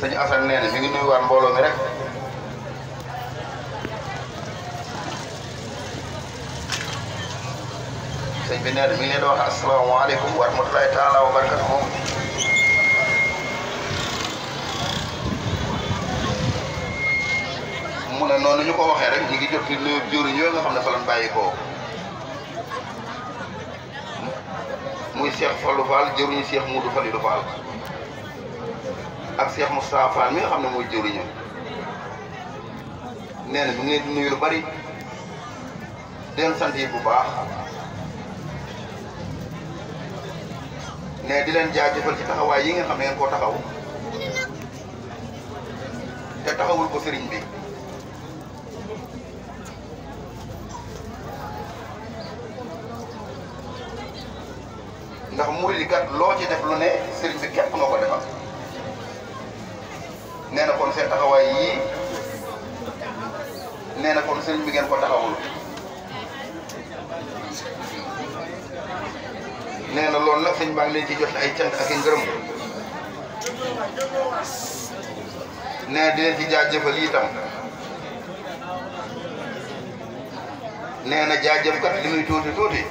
sëñ Assane nee na mi ngi nuyuwaat mbooloo mi rek sëñ bi nee na mi ngi leen di wax asalaamaaleykum wa rahmatulahi taala wa barakatuhu mu ne noonu ñu ko waxee rek ñu ngi jot ci nuyu nga xam ne fa bàyyi koo muy Cheikh Fallou Fall jëruñu Cheikh Moudou Falilou Fall ak Cheikh Moustapha Fall mi nga xam ne mooy jëwriñam nee na nuyu lu bari den sant bu baax ne di leen jaajëfal ci taxawaay yi nga xam ne ngeen koo taxaw te taxawul ko sëriñ bi ndax mu yi kat loo ci def lu ne sëriñ bi képp nga ko defal nee na kon seen taxawaay yii nee na kon sëriñ bi ngeen ko taxawul nee na loolu nag sëñ baa ngi leen ci jot ay cant ak i ngërëm nee di leen ci jaajëfal itam nee na jaajëf kat li muy tuuti tuuti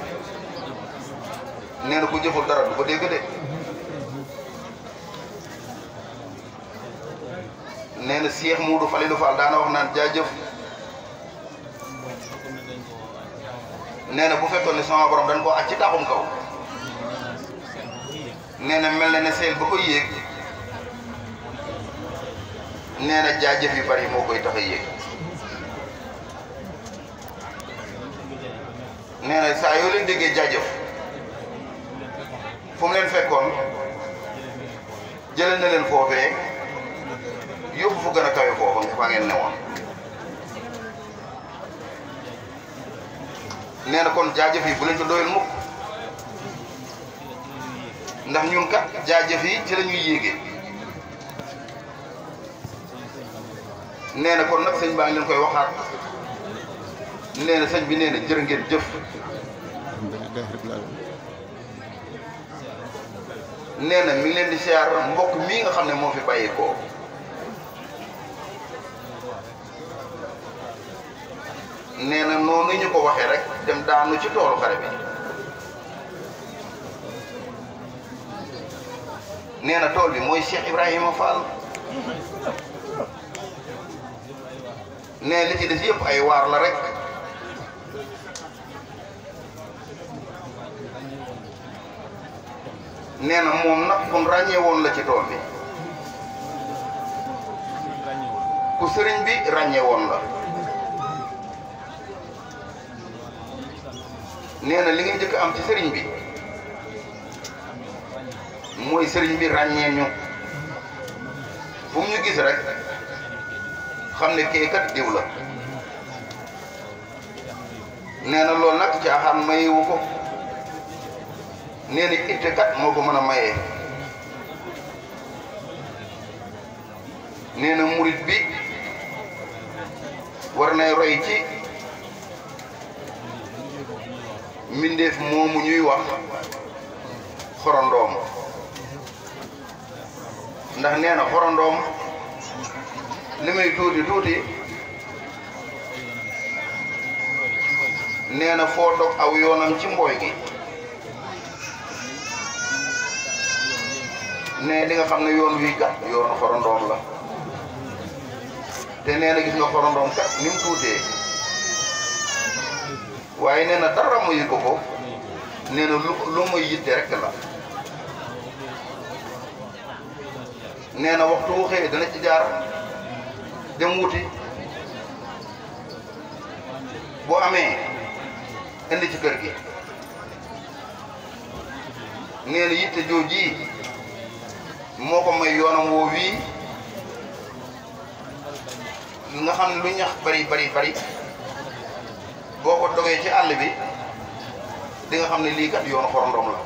nee na ku jëful dara du ko dégg de. nee na Cheikh Moudou Falilou Fall daana wax naan jaajëf nee na bu fekkoon ne sama borom dañ koo aj ci taxum kaw nee na mel na ne seen ba koy yéeg nee na jaajëf yu bari moo koy tax a yéeg nee saa yoo leen déggee jaajëf fu mu leen fekkoon jëlee na leen foofee yóbbu fu gën a kawe foofa nga fa ngeen newoon nee na kon jaajëf yi bu leen ko doyal mukk ndax ñun kat jaajëf yi ci la ñuy yéegee na kon nag sëñ baa ngi leen koy waxaat nee na sëñ bi nee na jërë jëf nee na mi ngi leen di siyaar mbokk mii nga xam ne moo fi bàyyeekoo. nee na noonu ñu ko waxee rek dem daanu ci toolu xare bi nee na tool bi mooy Cheikh Ibrahima Fall nee li ci des yëpp ay waar la rek nee na moom nag kon ràññee la ci tool bi ku sëriñ bi ràññee la. nee na li ngay njëkk am ci sëriñ bi mooy sëriñ bi ràññee ñu fu mu ñu gis rek xam ne kii kat diw la nee na loolu nag caaxaan mayewu ko nee na kat moo ko mën a mayee nee na murit bi war nay roy ci mbindeef moomu ñuy wax xorondoom ndax nee na xorondoom li muy tuuti tuuti nee na foo dog aw yoonam ci mbooy gi ne di nga xam ne yoon wi gàtt yoonu xorondoom la te nee na gis nga xorondoom kat ni tuutee waaye nee na dara mayu ko ko nee na lu lu muy yitte rek la nee waxtu xëyee dana ci jaar dem wuti bu amee indi ci kër gi nee na yitte jooji moo ko may yoonam woo wii nga xam lu ñax bari bari bari boo ko dogee ci àll bi dinga xam ne lii kat yoonu xorondom la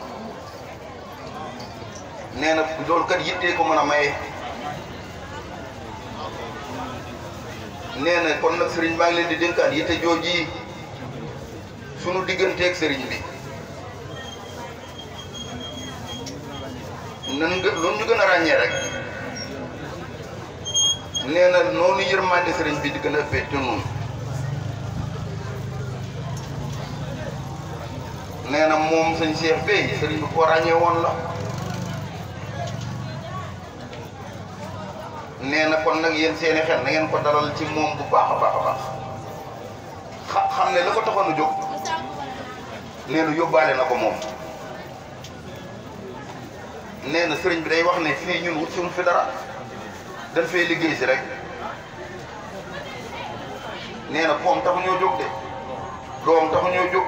nee na loolu kat yittee ko mën a maye nee na kon sëriñ maa ngi leen di dénkaat yitte jooji sunu digganteeg sëriñ bi nan nga lu ñu gën a ràññee rek nee na noonu yërmande sëriñ bi di gën a ëppee noonu nee na moom sëñ Cheikh Bey sëriñ bu ko ràññee woon la nee na kon nag yéen seeni xel na ngeen ko dalal ci moom bu baax a baax a baax xam ne la ko taxoon a jóg nee na yóbbaale na ko moom nee na sëriñ bi day wax ne fii ñun wut suñu fi dara dañ fee liggéey si rek nee na koom taxu ñoo jóg doom taxu ñoo jóg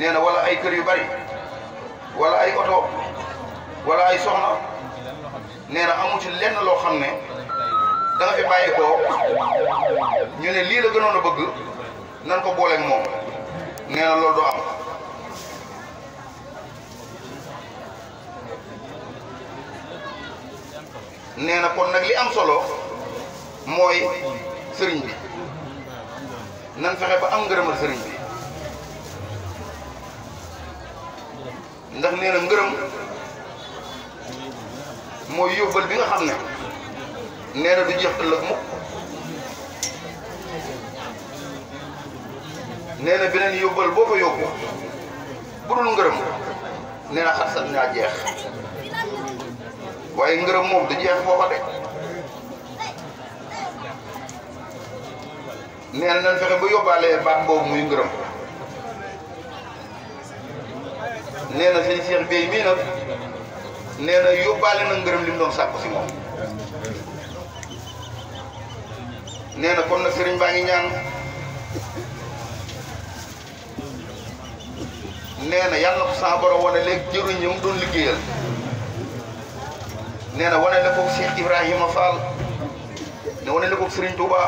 nee na wala ay kër yu bari wala ay oto wala ay soxna nee na amu ci lenn loo xam ne da nga fi bàyyi ko ñu ne lii la gënoon a bëgg nan ko booleeg moom nee na loolu doo am. nee na kon nag li am solo mooy sëriñ bi nan fexe ba am ngërëmal sëriñ bi. ndax nee na ngërëm mooy yóbbal bi nga xam ne nee na du jeex ëllëg mukk nee na beneen yóbbal boo ko yóbbu bu dul ngërëm nee na xasal jeex waaye ngërëm moom du jeex foofa de nee na fexe ba yóbbaale baat boobu muy ngërëm nee na sëñ Cheikh Bey mii nag nee na yóbbaale na ngërëm li mu doon sàkku si moom nee na nag sëriñ baa ngi ñaan nee na yàlla ko sa borom wane léegi jëruñ ñoom doon liggéeyal nee na wane la ko Cheikh Ibrahima Fall ne wane la ko Serigne Touba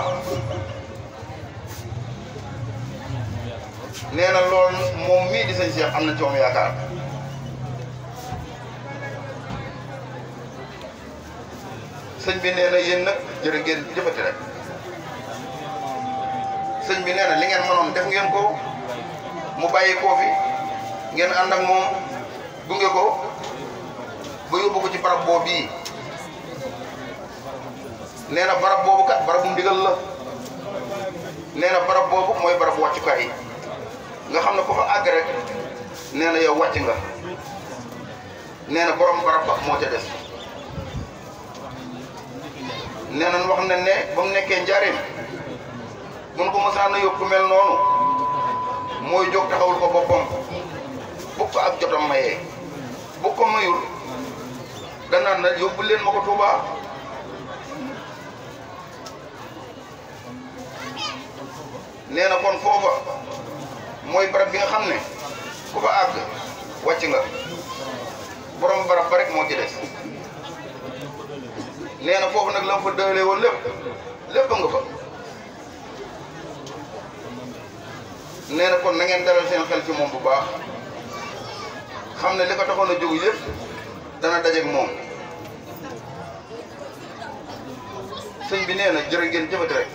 nee na loolu moom mii di sëñ Cheikh am na ci yaakaar. sëñ bi nee na yéen nag jërë ngeen jëfati rek sëñ bi nee li ngeen mënoon def ngeen ko mu bàyyi koo fi ngeen ak ko ba yóbbu ko ci barab boobu bii nee barab boobu kat barabu ndigal la nee na barab boobu mooy barabu wàccukaay yi nga xam ne ku fa àgg rek yow nga borom barab ba ca nee nañ wax nañ ne ba mu nekkee njariñ mun ko mosaan a yóbbu mel noonu mooy jóg taxawul ko boppam bu ko ak jotam mayee bu ko mayul danaan na yóbbu leen ma ko Tuubaa nee na kon foofa mooy barab bi nga xam ne ku fa àgg wàcc nga borom barab ba rek moo ci des nee na foofu nag la mu fa doyalee woon lépp lépp nga fa nee na kon ngeen dalal seen xel ci moom bu baax xam ne li ko taxoon a jóg yépp dana dajeeg moom sëñ bi nee na jërë ngeen jëfati rek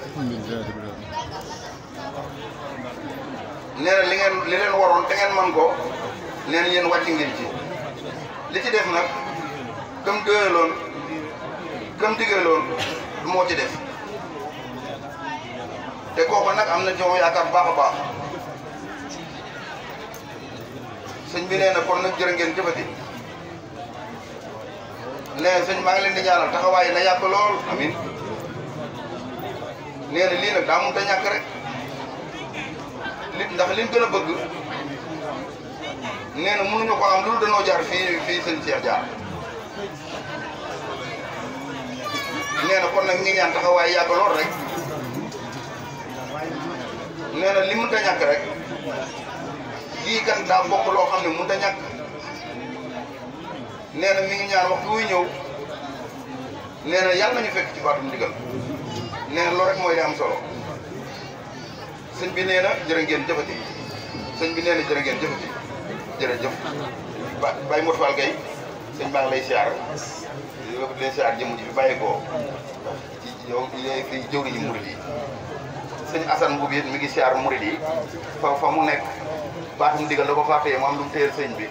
nee li ngeen li leen waroon te ngeen man ko nee na yéen wàcc ngeen ci li ci def nag comme doyaloon gëm lool du mo ci def té kooku nag am na ñoom yaakaar baax baax señ bi néna na kon nag jërë ngeen jëfati né señ ma ngi leen di ñaanal taxaway na yaak lool amin nee na lii nag daa mënut a ñàkk rek li ndax liñ gëna bëgg nee na mënuñu ko am lu danoo jaar fii fii sëñ Cheikh jaar. nee na kon nag ñi ñaan taxawaay yàgg lool rek nee na li mënut a ñàkk rek lii kan daa bokk loo xam ne mënut a ñàkk nee na mi ngi ñaan waxtu wuy ñëw nee na yàlla nañu fekk ci baatum ndigal nee na rek mooy li am solo sëñ bi nee na jërë ngeen jëfati sëñ bi nee na jërë ngeen jëfati jërëjëf Baye Modou Fall Gueye sëñ baa ngi lay siyaar blessé ak jëmm ji fi bàyyi ko ci yow fii jëwriñu murid yi sëñ Assane Mbuub it mi ngi siyaar murid yi fa fa mu nekk baatum digal la ko faa téye mu am lu mu téyel sëñ bi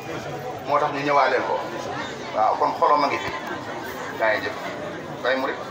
moo tax ñu ñëwaaleel ko waaw kon xolom a ngi fi daa ngi jëf murid